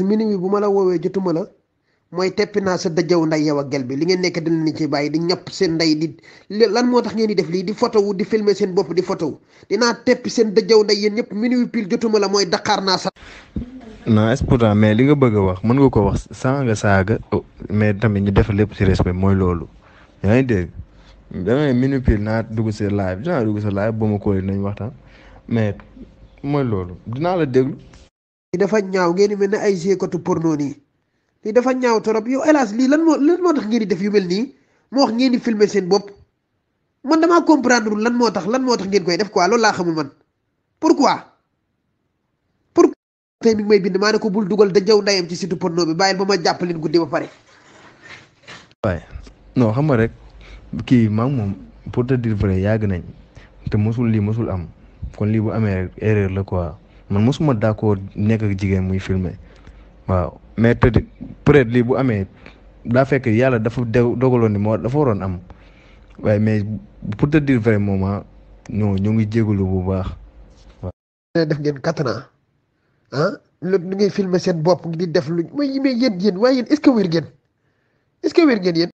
si minuit bu ma la woowee jotuma la mooy teppi naa sa dajaw nday yow ak gel bi li ngeen nekk dina ni ci bàyyi di ñàpp seen nday lan moo tax ngeen di def lii di photowu di filmer seen bopp di photowu dinaa teppi seen dajaw nday yéen ñëpp minuit pile jotuma la mooy daqaar naa sa mais li nga bëgg a wax mën nga ko wax saa nga saaga oh, mais ñu def lépp ci respect mooy loolu yaa ngi dégg damay minuit pile naa dugg sa live dinaa dugg sa live ba ma kóoli nañ waxtaan mais mooy loolu dinaa la déglu li dafa ñaaw ngeen di mel ne ay jéekatu porno nii lii dafa ñaaw torop yow hélas lii lan moo lan moo tax ngeen di def yu mel nii moo wax ngeen di filmer seen bopp man damaa comprendre lan moo tax lan moo tax ngeen koy def quoi loolu laa xamul man pour pourquoi tey mi ngi may bind maa ne ko bul dugal da jaw ndayam ci situ porno bi bàyyil ba ma jàppaleen guddi ba pare waaye xam nga rek kii maa moom pour te yàgg nañ te mosul lii mosul am kon lii bu amee rek erreur la quoi man mosuma d'accord nekk jigéen muy filmer waaw mais te peut-être lii bu amee daa fekk yàlla dafa dogaloon ni moo dafa waroon am waaye mais pour te dire vrai moment non ñu ngi jégalu bu baax waaw. def gen quatre ans ah loolu ni ngay filmer seen bopp di def lu mooy mais yéen yéen waaye yéen est-ce que wér ngeen est-ce yéen.